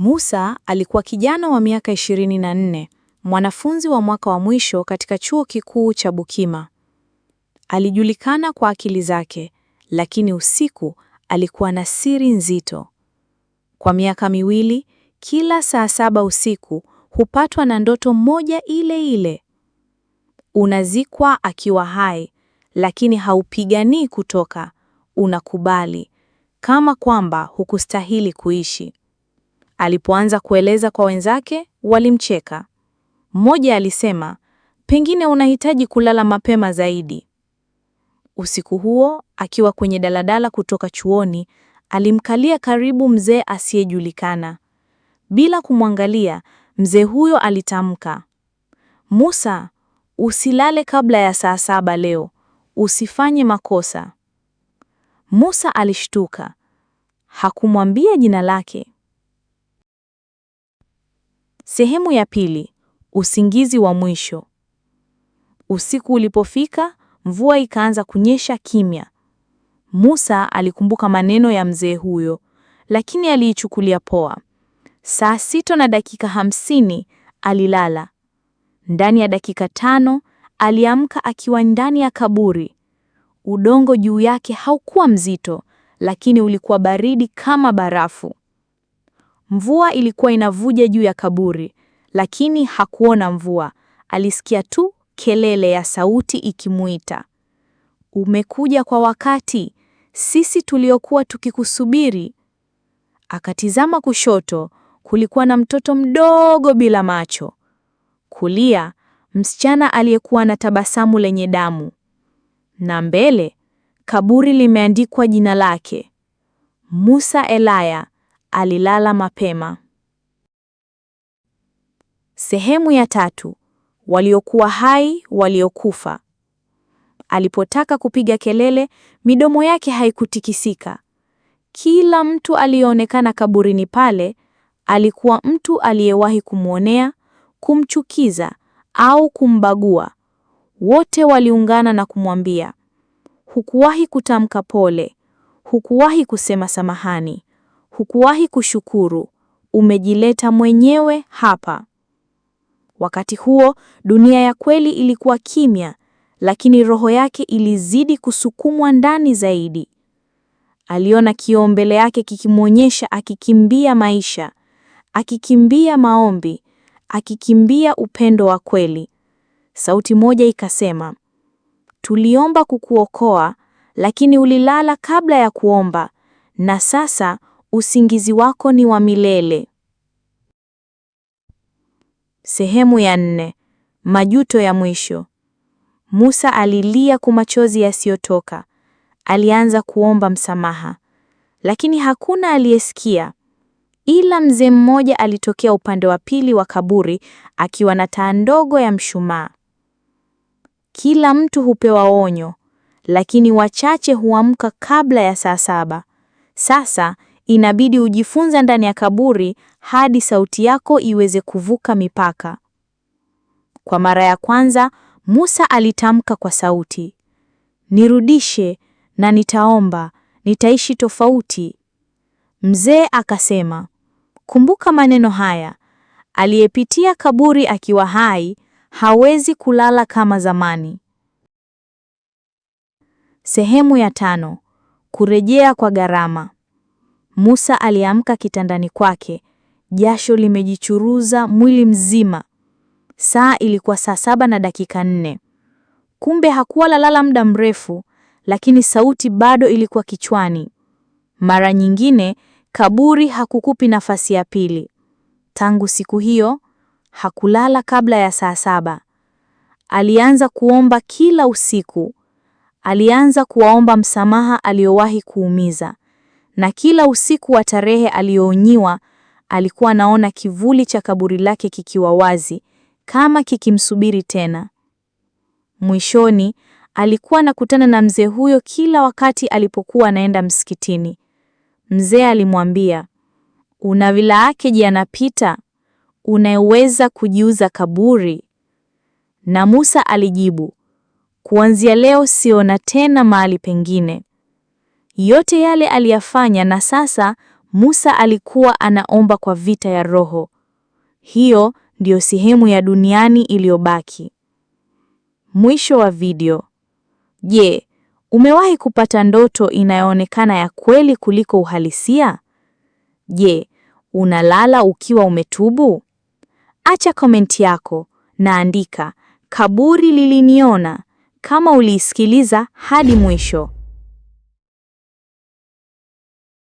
Musa alikuwa kijana wa miaka 24, mwanafunzi wa mwaka wa mwisho katika chuo kikuu cha Bukima. Alijulikana kwa akili zake, lakini usiku alikuwa na siri nzito. Kwa miaka miwili, kila saa saba usiku hupatwa na ndoto moja ile ile. Unazikwa akiwa hai, lakini haupiganii kutoka, unakubali kama kwamba hukustahili kuishi. Alipoanza kueleza kwa wenzake, walimcheka. Mmoja alisema, pengine unahitaji kulala mapema zaidi. Usiku huo akiwa kwenye daladala kutoka chuoni, alimkalia karibu mzee asiyejulikana. Bila kumwangalia, mzee huyo alitamka, Musa, usilale kabla ya saa saba leo, usifanye makosa. Musa alishtuka, hakumwambia jina lake, Sehemu ya pili: usingizi wa mwisho. Usiku ulipofika, mvua ikaanza kunyesha kimya. Musa alikumbuka maneno ya mzee huyo, lakini aliichukulia poa. Saa sita na dakika hamsini alilala. Ndani ya dakika tano aliamka akiwa ndani ya kaburi. Udongo juu yake haukuwa mzito, lakini ulikuwa baridi kama barafu. Mvua ilikuwa inavuja juu ya kaburi, lakini hakuona mvua. Alisikia tu kelele ya sauti ikimuita, umekuja kwa wakati, sisi tuliokuwa tukikusubiri. Akatizama kushoto, kulikuwa na mtoto mdogo bila macho. Kulia, msichana aliyekuwa na tabasamu lenye damu, na mbele kaburi limeandikwa jina lake, Musa Elaya, alilala mapema. Sehemu ya tatu: waliokuwa hai, waliokufa. Alipotaka kupiga kelele, midomo yake haikutikisika. Kila mtu aliyeonekana kaburini pale alikuwa mtu aliyewahi kumwonea, kumchukiza au kumbagua. Wote waliungana na kumwambia, hukuwahi kutamka pole, hukuwahi kusema samahani, hukuwahi kushukuru, umejileta mwenyewe hapa. Wakati huo dunia ya kweli ilikuwa kimya, lakini roho yake ilizidi kusukumwa ndani zaidi. Aliona kioo mbele yake kikimwonyesha akikimbia maisha, akikimbia maombi, akikimbia upendo wa kweli. Sauti moja ikasema, tuliomba kukuokoa, lakini ulilala kabla ya kuomba, na sasa usingizi wako ni wa milele. Sehemu ya nne: majuto ya mwisho. Musa alilia kwa machozi yasiyotoka, alianza kuomba msamaha, lakini hakuna aliyesikia, ila mzee mmoja alitokea upande wa pili wa kaburi akiwa na taa ndogo ya mshumaa. Kila mtu hupewa onyo, lakini wachache huamka kabla ya saa saba. Sasa Inabidi ujifunze ndani ya kaburi hadi sauti yako iweze kuvuka mipaka. Kwa mara ya kwanza, Musa alitamka kwa sauti, nirudishe na nitaomba, nitaishi tofauti. Mzee akasema, kumbuka maneno haya, aliyepitia kaburi akiwa hai hawezi kulala kama zamani. Sehemu ya tano: kurejea kwa gharama. Musa aliamka kitandani kwake, jasho limejichuruza mwili mzima. Saa ilikuwa saa saba na dakika nne. Kumbe hakuwa lalala muda mrefu, lakini sauti bado ilikuwa kichwani. Mara nyingine kaburi hakukupi nafasi ya pili. Tangu siku hiyo hakulala kabla ya saa saba. Alianza kuomba kila usiku. Alianza kuwaomba msamaha aliyowahi kuumiza, na kila usiku wa tarehe aliyoonyiwa alikuwa anaona kivuli cha kaburi lake kikiwa wazi kama kikimsubiri tena. Mwishoni alikuwa anakutana na mzee huyo kila wakati alipokuwa anaenda msikitini. Mzee alimwambia, una vilaake je, anapita unaweza kujiuza kaburi? Na Musa alijibu, kuanzia leo siona tena mahali pengine. Yote yale aliyafanya, na sasa Musa alikuwa anaomba kwa vita ya roho. Hiyo ndiyo sehemu ya duniani iliyobaki. Mwisho wa video. Je, umewahi kupata ndoto inayoonekana ya kweli kuliko uhalisia? Je, unalala ukiwa umetubu? Acha komenti yako na andika kaburi liliniona, kama uliisikiliza hadi mwisho.